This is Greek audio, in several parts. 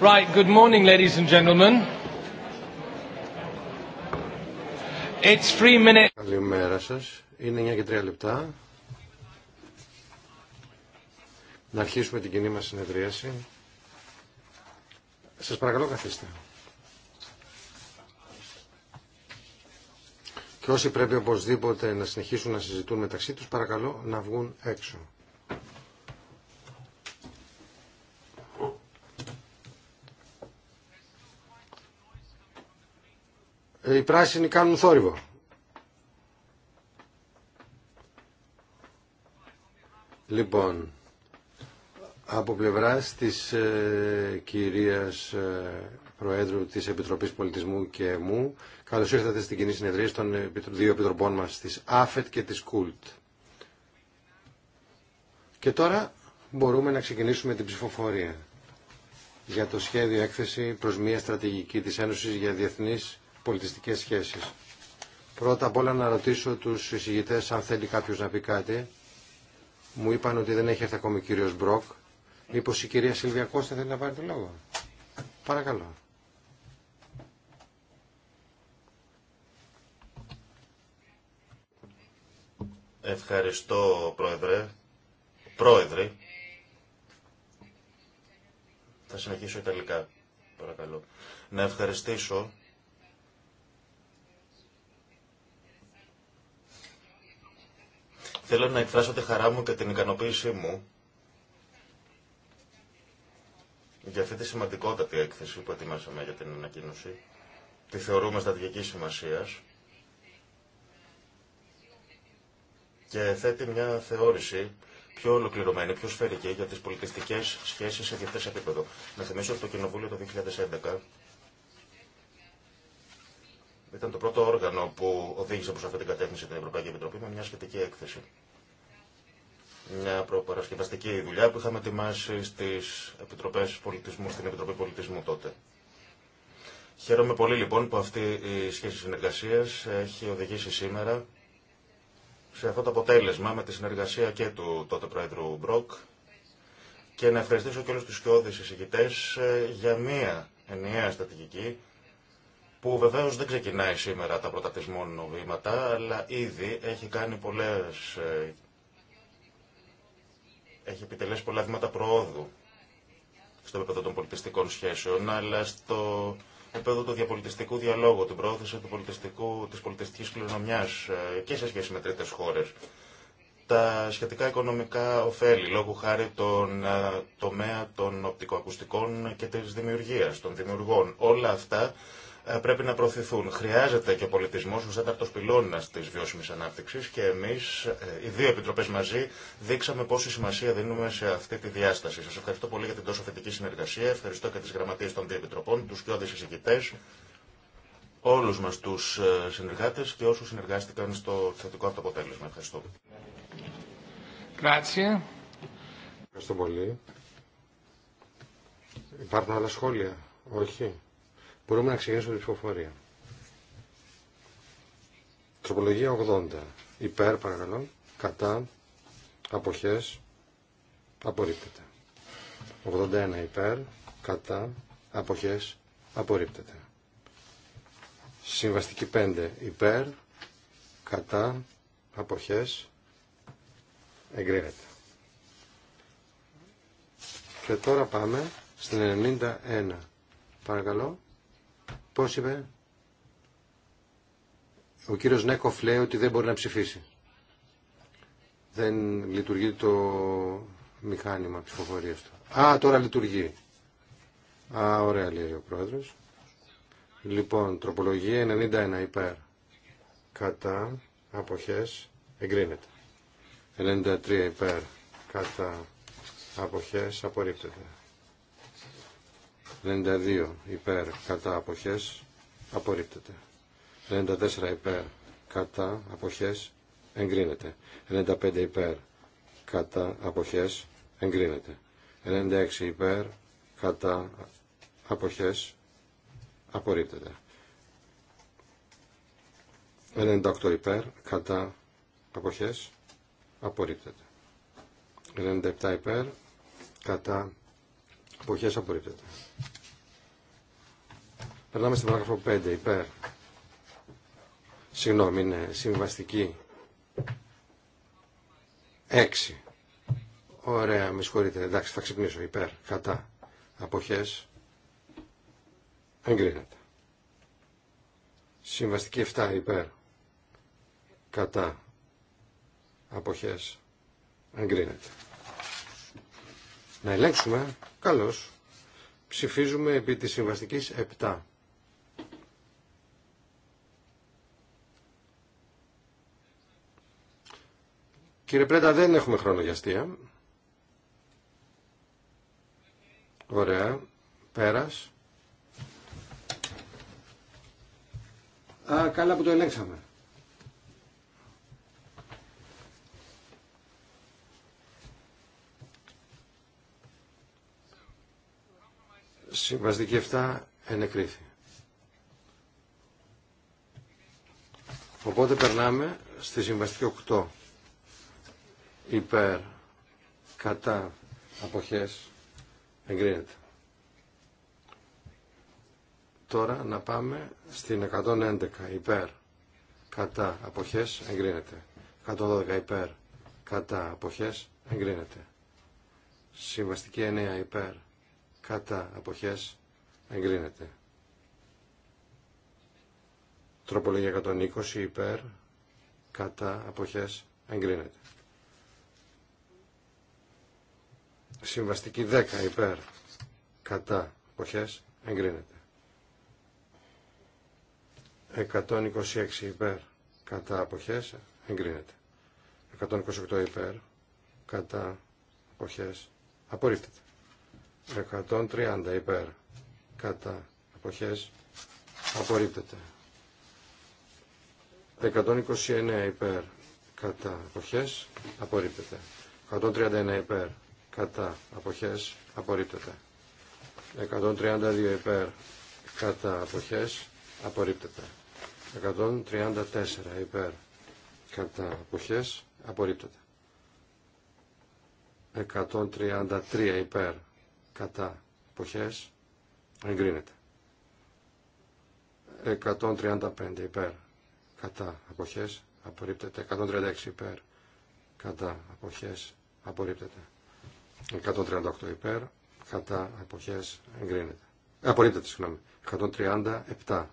Right, good morning, ladies and gentlemen. It's minutes. Καλημέρα σας. Είναι 9 και 3 λεπτά. Να αρχίσουμε την κοινή μας συνεδρίαση. Σας παρακαλώ καθίστε. Και όσοι πρέπει οπωσδήποτε να συνεχίσουν να συζητούν μεταξύ τους, παρακαλώ να βγουν έξω. οι πράσινοι κάνουν θόρυβο. Λοιπόν, από πλευράς της ε, κυρίας ε, Προέδρου της Επιτροπής Πολιτισμού και μου, καλώς ήρθατε στην κοινή συνεδρία των δύο επιτροπών μας, της ΑΦΕΤ και της ΚΟΥΛΤ. Και τώρα μπορούμε να ξεκινήσουμε την ψηφοφορία για το σχέδιο έκθεση προς μια στρατηγική της Ένωσης για διεθνείς πολιτιστικές σχέσεις. Πρώτα απ' όλα να ρωτήσω τους εισηγητές αν θέλει κάποιος να πει κάτι. Μου είπαν ότι δεν έχει έρθει ακόμη ο κύριος Μπροκ. Μήπως η κυρία Σιλβία Κώστα θέλει να πάρει το λόγο. Παρακαλώ. Ευχαριστώ, Πρόεδρε. Πρόεδρε. Θα συνεχίσω Ιταλικά, παρακαλώ. Να ευχαριστήσω Θέλω να εκφράσω τη χαρά μου και την ικανοποίησή μου για αυτή τη σημαντικότατη έκθεση που ετοιμάσαμε για την ανακοίνωση. Τη θεωρούμε στρατηγική σημασία και θέτει μια θεώρηση πιο ολοκληρωμένη, πιο σφαιρική για τις πολιτιστικές σχέσεις σε διεθνές επίπεδο. Να θυμίσω ότι το Κοινοβούλιο το 2011 ήταν το πρώτο όργανο που οδήγησε προς αυτή την κατεύθυνση την Ευρωπαϊκή Επιτροπή με μια σχετική έκθεση μια προπαρασκευαστική δουλειά που είχαμε ετοιμάσει στις Επιτροπές Πολιτισμού, στην Επιτροπή Πολιτισμού τότε. Χαίρομαι πολύ λοιπόν που αυτή η σχέση συνεργασία έχει οδηγήσει σήμερα σε αυτό το αποτέλεσμα με τη συνεργασία και του τότε Πρόεδρου Μπροκ και να ευχαριστήσω και όλους τους σκιώδεις εισηγητές ε, για μία ενιαία στρατηγική που βεβαίω δεν ξεκινάει σήμερα τα πρώτα βήματα, αλλά ήδη έχει κάνει πολλέ ε, έχει επιτελέσει πολλά βήματα προόδου στο επίπεδο των πολιτιστικών σχέσεων, αλλά στο επίπεδο του διαπολιτιστικού διαλόγου, την προώθηση του πολιτιστικού, της πολιτιστικής κληρονομιάς ε, και σε σχέση με τρίτες χώρες. Τα σχετικά οικονομικά ωφέλη, λόγω χάρη τον ε, τομέα των οπτικοακουστικών και της δημιουργίας, των δημιουργών, όλα αυτά ε, πρέπει να προωθηθούν. Χρειάζεται και ο πολιτισμό ω τέταρτο πυλώνα τη βιώσιμη ανάπτυξη και εμεί, ε, οι δύο επιτροπέ μαζί, δείξαμε πόση σημασία δίνουμε σε αυτή τη διάσταση. Σα ευχαριστώ πολύ για την τόσο θετική συνεργασία. Ευχαριστώ και τι γραμματείε των δύο επιτροπών, του πιο συζητητέ, όλου μα του ε, συνεργάτε και όσου συνεργάστηκαν στο θετικό αυτό αποτέλεσμα. Ευχαριστώ. Ευχαριστώ πολύ. Υπάρχουν άλλα σχόλια. Όχι. Μπορούμε να ξεκινήσουμε την ψηφοφορία. Τροπολογία 80. Υπέρ, παρακαλώ. Κατά. Αποχές. Απορρίπτεται. 81 υπέρ. Κατά. Αποχές. Απορρίπτεται. Συμβαστική 5 υπέρ. Κατά. Αποχές. Εγκρίνεται. Και τώρα πάμε στην 91. Παρακαλώ. Πώς είπε. Ο κύριος Νέκοφ λέει ότι δεν μπορεί να ψηφίσει. Δεν λειτουργεί το μηχάνημα ψηφοφορίας του. Α, τώρα λειτουργεί. Α, ωραία λέει ο πρόεδρος. Λοιπόν, τροπολογία 91 υπέρ. Κατά αποχές εγκρίνεται. 93 υπέρ. Κατά αποχές απορρίπτεται. 92 υπέρ κατά αποχές απορρίπτεται. 94 υπέρ κατά αποχές εγκρίνεται. 95 υπέρ κατά αποχές εγκρίνεται. 96 υπέρ κατά αποχές απορρίπτεται. 98 υπέρ κατά αποχές απορρίπτεται. 97 υπέρ κατά αποχές απορρίπτεται. Περνάμε στην παράγραφο 5. Υπέρ. Συγγνώμη, είναι συμβαστική. 6. Ωραία, με συγχωρείτε. Εντάξει, θα ξυπνήσω. Υπέρ. Κατά. Αποχές. Εγκρίνεται. Συμβαστική 7. Υπέρ. Κατά. Αποχές. Εγκρίνεται. Να ελέγξουμε. Καλώς. Ψηφίζουμε επί της συμβαστικής 7. Κύριε Πρέτα, δεν έχουμε χρόνο για αστεία. Ωραία. Πέρας. Α, καλά που το ελέγξαμε. Συμβαστική 7 ενεκρίθη. Οπότε περνάμε στη συμβαστική 8 υπέρ κατά αποχές εγκρίνεται. Τώρα να πάμε στην 111 υπέρ κατά αποχές εγκρίνεται. 112 υπέρ κατά αποχές εγκρίνεται. Συμβαστική 9 υπέρ κατά αποχές εγκρίνεται. Τροπολογία 120 υπέρ κατά αποχές εγκρίνεται. Συμβαστική 10 υπέρ κατά αποχές εγκρίνεται. 126 υπέρ κατά αποχές εγκρίνεται. 128 υπέρ κατά αποχές απορρίπτεται. 130 υπέρ κατά αποχές απορρίπτεται. 129 υπέρ κατά αποχές απορρίπτεται. 139 υπέρ κατά αποχές απορρίπτεται 132 υπέρ κατά αποχές απορρίπτεται 134 υπέρ κατά αποχές απορρίπτεται 133 υπέρ κατά αποχές εγκρίνεται 135 υπέρ κατά αποχές απορρίπτεται 136 υπέρ κατά αποχές απορρίπτεται 138 υπέρ, κατά αποχές εγκρίνεται. Απορρίπτεται, συγγνώμη. 137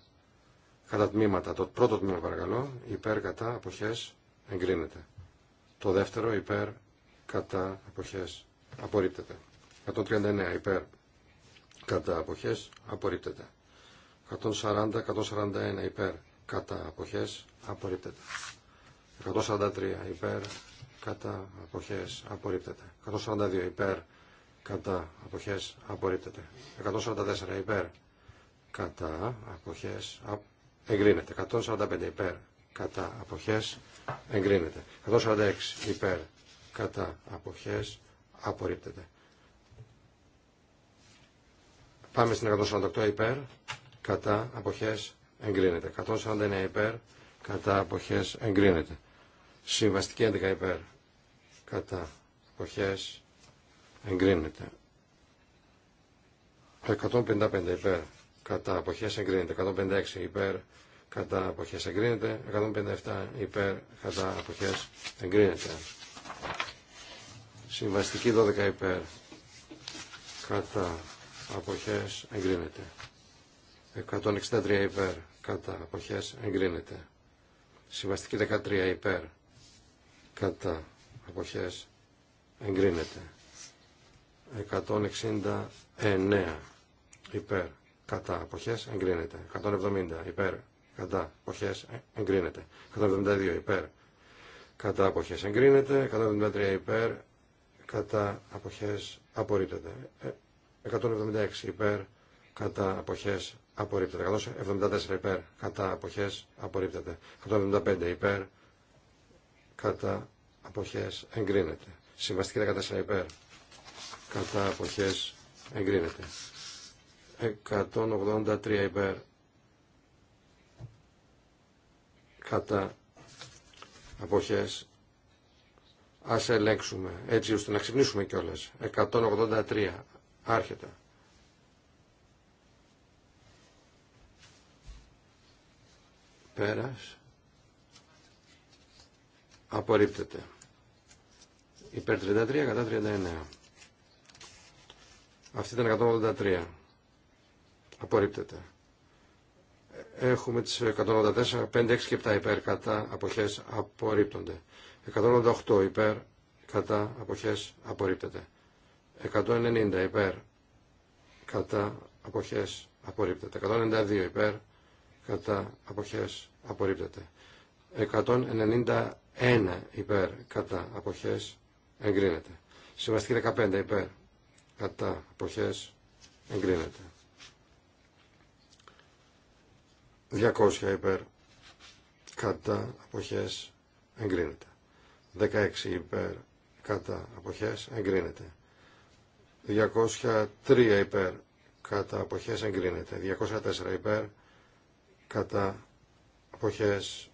κατά τμήματα. Το πρώτο τμήμα παρακαλώ, υπέρ κατά αποχές εγκρίνεται. Το δεύτερο υπέρ κατά αποχές απορρίπτεται. 139 υπέρ κατά αποχές απορρίπτεται. 140-141 υπέρ κατά αποχές απορρίπτεται. 143 υπέρ κατά αποχές απορρίπτεται. 142 υπέρ κατά αποχές απορρίπτεται. 144 υπέρ κατά αποχές εγκρίνεται. 145 υπέρ κατά αποχές εγκρίνεται. 146 υπέρ κατά αποχές απορρίπτεται. Πάμε στην 148 υπέρ κατά αποχές εγκρίνεται. 149 υπέρ κατά αποχές εγκρίνεται. Συμβαστική 11 υπέρ. Κατά. Αποχές. Εγκρίνεται. 155 υπέρ. Κατά. Αποχές εγκρίνεται. 156 υπέρ. Κατά. Αποχές εγκρίνεται. 157 υπέρ. Κατά. Αποχές εγκρίνεται. Συμβαστική 12 υπέρ. Κατά. Αποχές εγκρίνεται. 163 υπέρ. Κατά. Αποχές εγκρίνεται. Συμβαστική 13 υπέρ κατά αποχές εγκρίνεται 169 υπέρ κατά αποχές εγκρίνεται 170 υπέρ κατά αποχές εγκρίνεται 172 υπέρ κατά αποχές εγκρίνεται 173 υπέρ κατά αποχές απορρίπτεται 176 υπέρ κατά αποχές απορρίπτεται 174 υπέρ κατά αποχές απορρίπτεται 175 υπέρ κατά αποχές εγκρίνεται. Συμβαστική 14 υπέρ κατά αποχές εγκρίνεται. 183 υπέρ κατά αποχές ας ελέγξουμε έτσι ώστε να ξυπνήσουμε κιόλας 183 άρχεται πέρας απορρίπτεται. Υπέρ 33 κατά 39. Αυτή ήταν 183. Απορρίπτεται. Έχουμε τις 184, 5, 6 και 7 υπέρ κατά αποχές απορρίπτονται. 188 υπέρ κατά αποχές απορρίπτεται. 190 υπέρ κατά αποχές απορρίπτεται. 192 υπέρ κατά αποχές απορρίπτεται. 191 υπέρ κατά αποχές εγκρίνεται. Συμβαστική 15 υπέρ κατά αποχές εγκρίνεται. 200 υπέρ κατά αποχές εγκρίνεται. 16 υπέρ κατά αποχές εγκρίνεται. 203 υπέρ κατά αποχές εγκρίνεται. 204 υπέρ κατά αποχές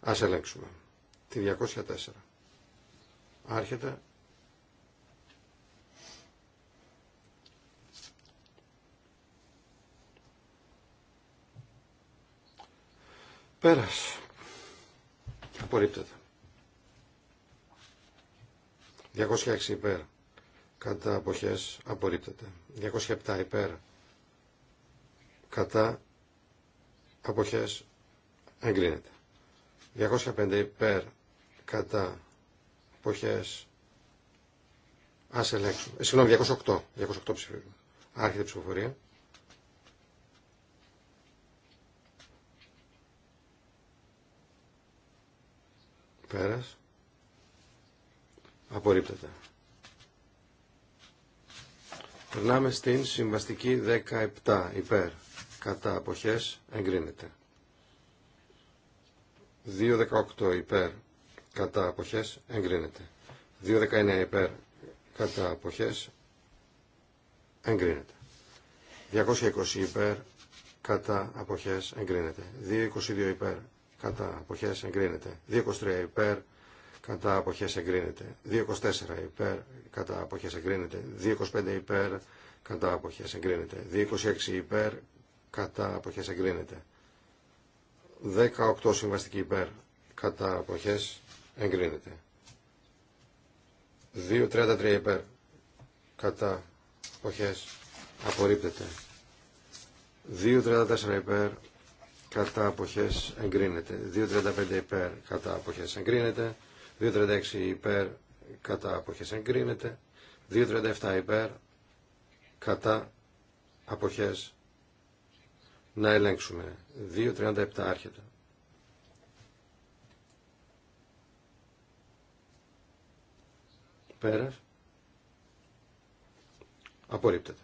Ας ελέγξουμε. Τη 204. Άρχεται. Πέρας. Απορρίπτεται. 206 υπέρ. Κατά αποχές απορρίπτεται. 207 υπέρ. Κατά αποχές εγκρίνεται. 205 υπέρ κατά εποχές ας ελέγξουμε. Ε, συγγνώμη, 208. 208 ψηφίζουμε. Άρχεται ψηφοφορία. Πέρας. Απορρίπτεται. Περνάμε στην συμβαστική 17 υπέρ. Κατά αποχές εγκρίνεται. 2.18 υπέρ κατά αποχές εγκρίνεται. 2.19 υπέρ κατά αποχές εγκρίνεται. 220 υπέρ κατά αποχές εγκρίνεται. 2.22 υπέρ κατά αποχές εγκρίνεται. 2.23 υπέρ κατά αποχές εγκρίνεται. 2.24 υπέρ κατά αποχές εγκρίνεται. 2.25 υπέρ κατά αποχές εγκρίνεται. 2.26 υπέρ κατά αποχές εγκρίνεται. 18 συμβαστική υπέρ κατά αποχές εγκρίνεται. 2.33 υπέρ κατά αποχές απορρίπτεται. 2.34 υπέρ κατά αποχές εγκρίνεται. 2.35 υπέρ κατά αποχές εγκρίνεται. 2.36 υπέρ κατά αποχές εγκρίνεται. 2.37 υπέρ κατά αποχές να ελέγξουμε. 2.37 άρχεται. Πέρας. Απορρίπτεται.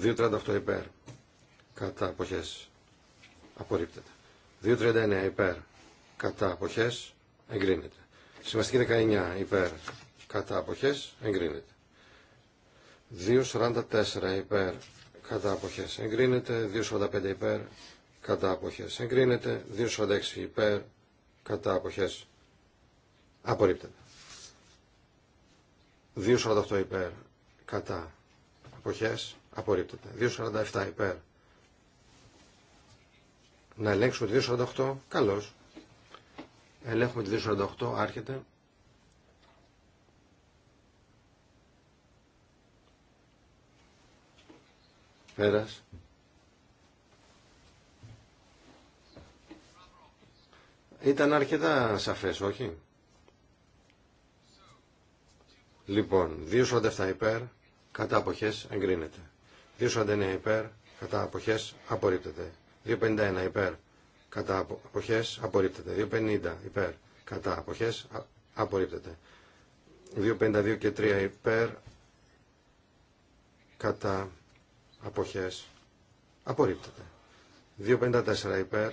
2.38 υπέρ. Κατά αποχές. Απορρίπτεται. 2.39 υπέρ. Κατά αποχές. Εγκρίνεται. Συμβαστική 19 υπέρ. Κατά αποχές. Εγκρίνεται. 2.44 υπέρ κατά αποχές εγκρίνεται, 2.45 υπέρ, κατά αποχές εγκρίνεται, 2.46 υπέρ, κατά αποχές απορρίπτεται. 2.48 υπέρ, κατά αποχές απορρίπτεται. 2.47 υπέρ, να ελέγξουμε τη 2.48, καλώς. Ελέγχουμε τη 2.48, άρχεται. Πέρας. Ήταν αρκετά σαφές, όχι. Λοιπόν, 2,47 υπέρ, κατά αποχές εγκρίνεται. 2,49 υπέρ, κατά αποχές απορρίπτεται. 2,51 υπέρ, κατά αποχές απορρίπτεται. 2,50 υπέρ, κατά αποχές απορρίπτεται. 2,52 και 3 υπέρ, κατά αποχές απορρίπτεται. 2.54 υπέρ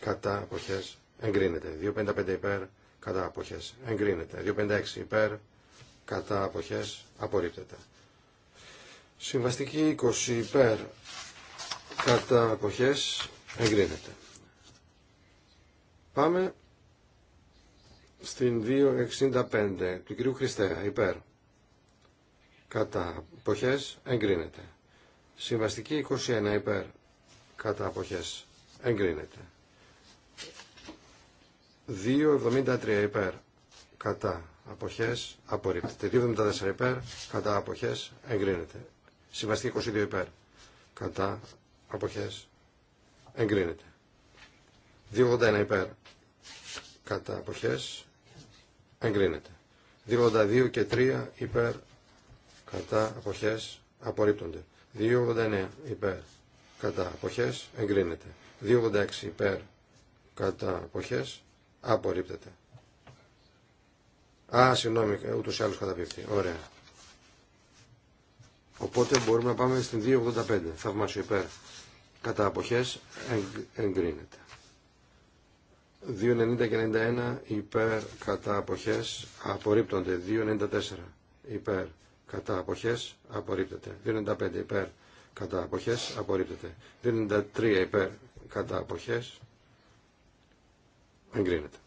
κατά αποχές εγκρίνεται. 2.55 υπέρ κατά αποχές εγκρίνεται. 2.56 υπέρ κατά αποχές απορρίπτεται. Συμβαστική 20 υπέρ κατά αποχές εγκρίνεται. Πάμε στην 2.65 του κυρίου Χριστέα υπέρ κατά αποχές εγκρίνεται. Συμβαστική 21 υπέρ κατά αποχές εγκρίνεται. 2,73 υπέρ κατά αποχές απορρίπτεται. 2,74 υπέρ κατά αποχές εγκρίνεται. Συμβαστική 22 υπέρ κατά αποχές εγκρίνεται. 2,81 υπέρ κατά αποχές εγκρίνεται. 2,82 και 3 υπέρ κατά αποχές απορρίπτονται. 289 υπέρ κατά αποχές εγκρίνεται. 286 υπέρ κατά αποχές απορρίπτεται. Α, συγγνώμη, ούτως ή άλλως καταπίπτει. Ωραία. Οπότε μπορούμε να πάμε στην 285. Θαυμάσιο υπέρ. Κατά αποχές εγκρίνεται. 290 και 91 υπέρ κατά αποχές απορρίπτονται. 294 υπέρ κατά αποχές απορρίπτεται. 2.95 υπέρ κατά αποχές απορρίπτεται. 2.93 υπέρ κατά αποχές εγκρίνεται.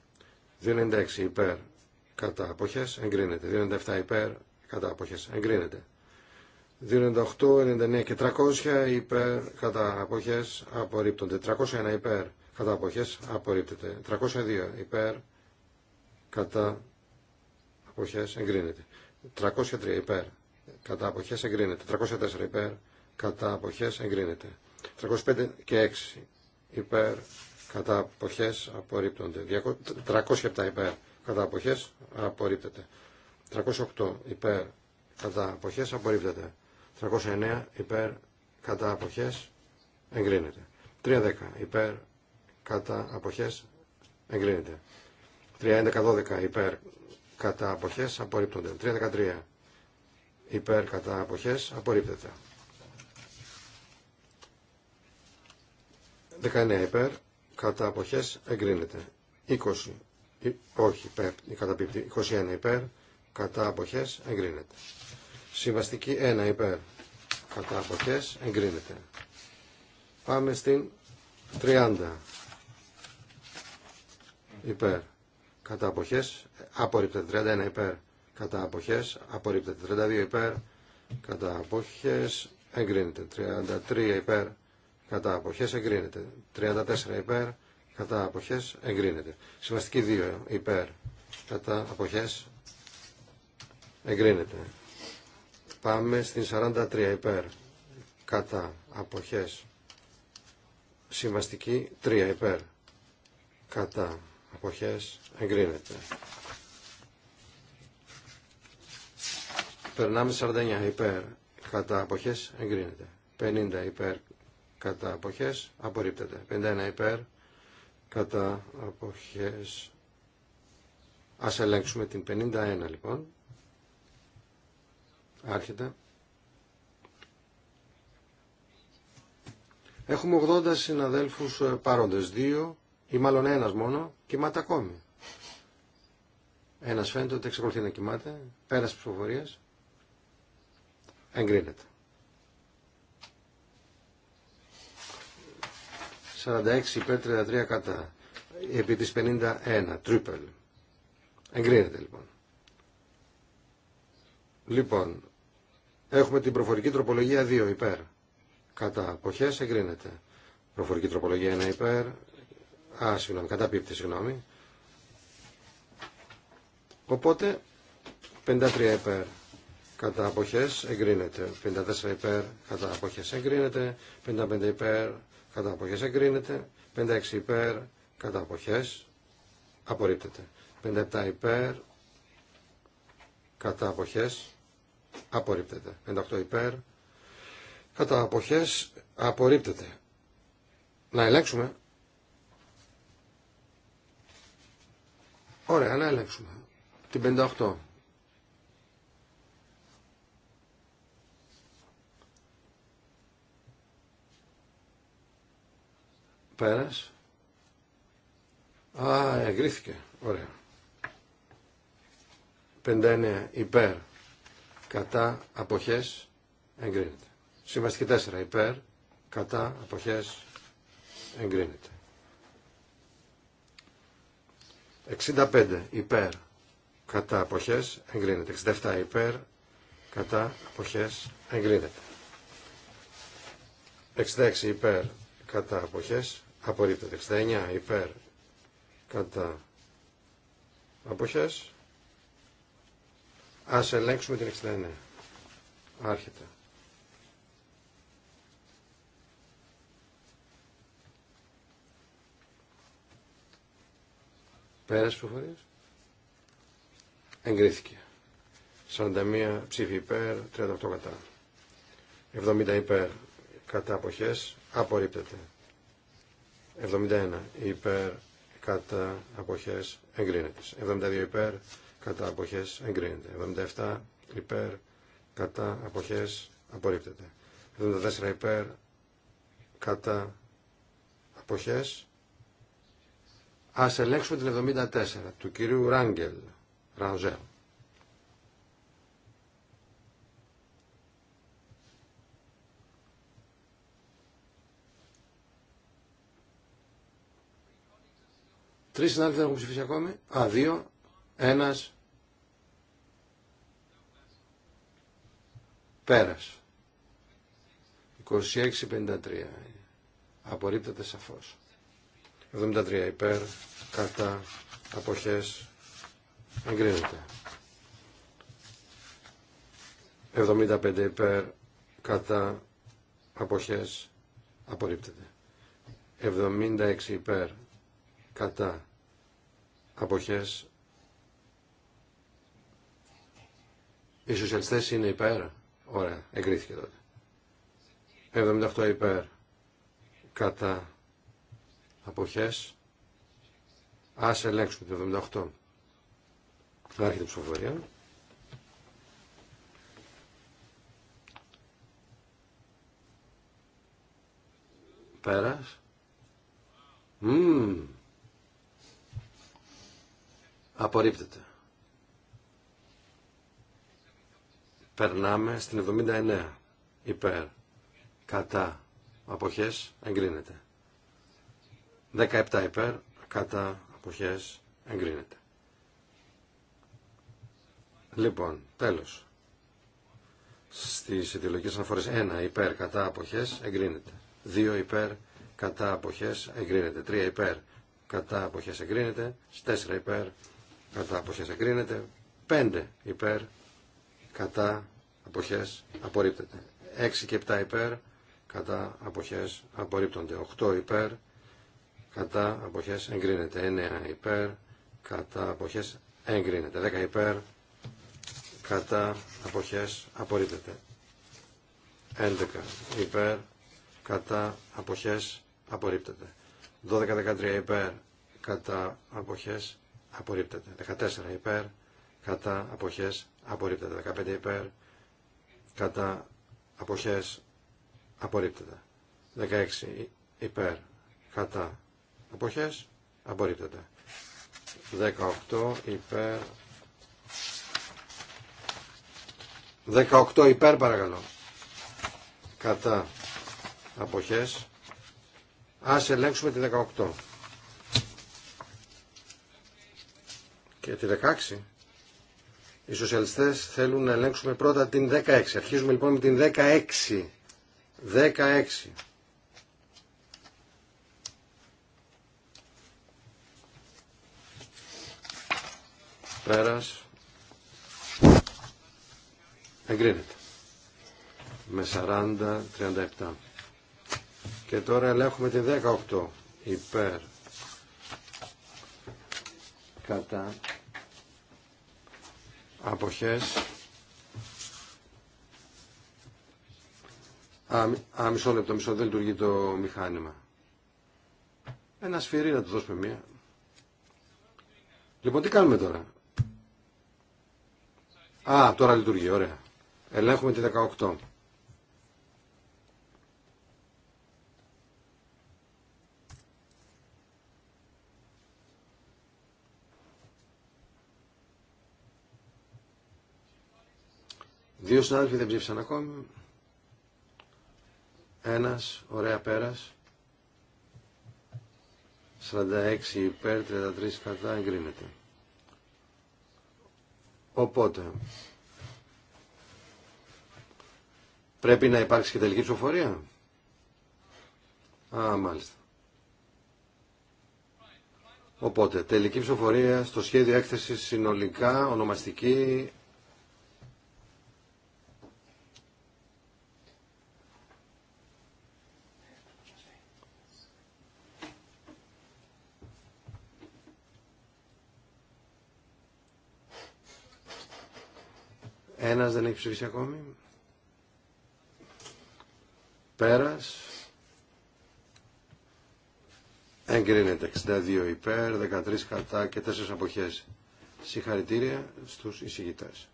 2.96 υπέρ κατά αποχές εγκρίνεται. 2.97 υπέρ κατά αποχές εγκρίνεται. 2.98, 99 και 300 υπέρ κατά αποχές απορρίπτονται. 301 υπέρ κατά αποχές απορρίπτεται. 302 υπέρ κατά αποχές εγκρίνεται. 303 υπέρ κατά αποχές εγκρίνεται. 304 υπέρ, κατά αποχές εγκρίνεται. 305 και 6 υπέρ, κατά αποχές απορρίπτονται. 307 υπέρ, κατά αποχές απορρίπτεται. 308 υπέρ, κατά αποχές απορρίπτεται. 309 υπέρ, κατά αποχές εγκρίνεται. 310 υπέρ, κατά αποχές εγκρίνεται. 311-12 υπέρ, κατά αποχές απορρίπτονται. 313 υπέρ κατά αποχές απορρίπτεται. 19 υπέρ κατά αποχές εγκρίνεται. 20 όχι υπέρ, 21 υπέρ κατά αποχές εγκρίνεται. Συμβαστική 1 υπέρ κατά αποχές εγκρίνεται. Πάμε στην 30 υπέρ κατά αποχές απορρίπτεται. 31 υπέρ κατά αποχές απορρίπτεται 32 υπέρ κατά αποχές εγκρίνεται 33 υπέρ κατά αποχές εγκρίνεται 34 υπέρ κατά αποχές εγκρίνεται συμβαστική 2 υπέρ κατά αποχές εγκρίνεται πάμε στην 43 υπέρ κατά αποχές συμβαστική 3 υπέρ κατά αποχές εγκρίνεται Περνάμε 49 υπέρ κατά αποχές εγκρίνεται. 50 υπέρ κατά αποχές απορρίπτεται. 51 υπέρ κατά αποχές Ας ελέγξουμε την 51 λοιπόν. Άρχεται. Έχουμε 80 συναδέλφους ε, παρόντες, δύο ή μάλλον ένας μόνο, κοιμάται ακόμη. Ένας φαίνεται ότι εξακολουθεί να κοιμάται, πέρας ψηφοφορίας. Εγκρίνεται. 46 υπέρ 33 κατά. Επί της 51. Τρίπελ. Εγκρίνεται λοιπόν. Λοιπόν, έχουμε την προφορική τροπολογία 2 υπέρ. Κατά αποχές εγκρίνεται. Προφορική τροπολογία 1 υπέρ. Α, συγγνώμη, κατά πίπτη, συγγνώμη. Οπότε, 53 υπέρ κατά αποχές εγκρίνεται. 54 υπέρ κατά αποχές εγκρίνεται. 55 υπέρ κατά αποχές εγκρίνεται. 56 υπέρ κατά αποχές απορρίπτεται. 57 υπέρ κατά αποχές απορρίπτεται. 58 υπέρ κατά αποχές απορρίπτεται. Να ελέγξουμε. Ωραία, να ελέγξουμε. Την 58. Πέρας. Α, εγκρίθηκε. Ωραία. 59 υπέρ κατά αποχές εγκρίνεται. Συμβαστική 4 υπέρ κατά αποχές εγκρίνεται. 65 υπέρ κατά αποχές εγκρίνεται. 67 υπέρ κατά αποχές εγκρίνεται. 66 υπέρ κατά αποχές απορρίπτεται. 69 υπέρ κατά αποχές. Ας ελέγξουμε την 69. Άρχεται. Πέρας φορές. Εγκρίθηκε. 41 ψήφι υπέρ, 38 κατά. 70 υπέρ κατά αποχές. Απορρίπτεται. 71 υπέρ κατά αποχές εγκρίνεται. 72 υπέρ κατά αποχές εγκρίνεται. 77 υπέρ κατά αποχές απορρίπτεται. 74 υπέρ κατά αποχές. Ας ελέγξουμε την 74 του κυρίου Ράγκελ, Ρανζέλ. Τρεις συνάδελφοι δεν έχουν ψηφίσει ακόμη. Α, δύο. Ένας. Πέρας. 26-53. Απορρίπτεται σαφώς. 73 υπέρ, κατά, αποχές, εγκρίνεται. 75 υπέρ, κατά, αποχές, απορρίπτεται. 76 υπέρ, κατά αποχές οι σοσιαλιστές είναι υπέρ ωραία εγκρίθηκε τότε 78 υπέρ κατά αποχές ας ελέγξουμε το 78 άρχεται η ψηφοφορία πέρας Απορρίπτεται. Περνάμε στην 79. Υπέρ. Κατά. Αποχές. Εγκρίνεται. 17 υπέρ. Κατά. Αποχές. Εγκρίνεται. Λοιπόν, τέλος. Στις ιδεολογικές αναφορές 1 υπέρ κατά αποχές εγκρίνεται. 2 υπέρ κατά αποχές εγκρίνεται. 3 υπέρ κατά αποχές εγκρίνεται. 4 υπέρ κατά αποχές εγκρίνεται 5 υπέρ κατά αποχές απορρίπτεται 6 και 7 υπέρ κατά αποχές απορρίπτονται 8 υπέρ κατά αποχές εγκρίνεται 9 υπέρ κατά αποχές εγκρίνεται 10 υπέρ κατά αποχές απορρίπτεται 11 υπέρ κατά αποχές απορρίπτεται 12-13 υπέρ κατά αποχές απορρίπτεται. 14 υπέρ, κατά αποχές απορρίπτεται. 15 υπέρ, κατά αποχές απορρίπτεται. 16 υπέρ, κατά αποχές απορρίπτεται. 18 υπέρ, 18 υπέρ παρακαλώ. Κατά αποχές. Ας ελέγξουμε τη 18. και τη 16. Οι σοσιαλιστές θέλουν να ελέγξουμε πρώτα την 16. Αρχίζουμε λοιπόν με την 16. 16. Πέρας. Εγκρίνεται. Με 40-37. Και τώρα ελέγχουμε την 18. Υπέρ. Κατά αποχές α, α, μισό λεπτό, μισό δεν λειτουργεί το μηχάνημα ένα σφυρί να του δώσουμε μία λοιπόν τι κάνουμε τώρα α τώρα λειτουργεί, ωραία ελέγχουμε τη 18 Δύο συνάδελφοι δεν ψήφισαν ακόμη. Ένας, ωραία πέρας. 46 υπέρ, 33 κατά, εγκρίνεται. Οπότε, πρέπει να υπάρξει και τελική ψηφοφορία. Α, μάλιστα. Οπότε, τελική ψηφοφορία στο σχέδιο έκθεσης συνολικά, ονομαστική, Ένας δεν έχει ψηφίσει ακόμη. Πέρας. Εγκρίνεται 62 υπέρ, 13 κατά και 4 αποχές. Συγχαρητήρια στους εισηγητές.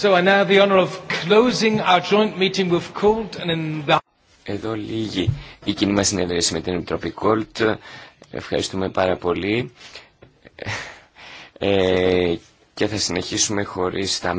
So I now the honor of closing our joint meeting with and in εδώ λίγη η κοινή μας συνέντευξη με την Επιτροπή Κόλτ. Ευχαριστούμε πάρα πολύ. Ε, και θα συνεχίσουμε χωρίς τα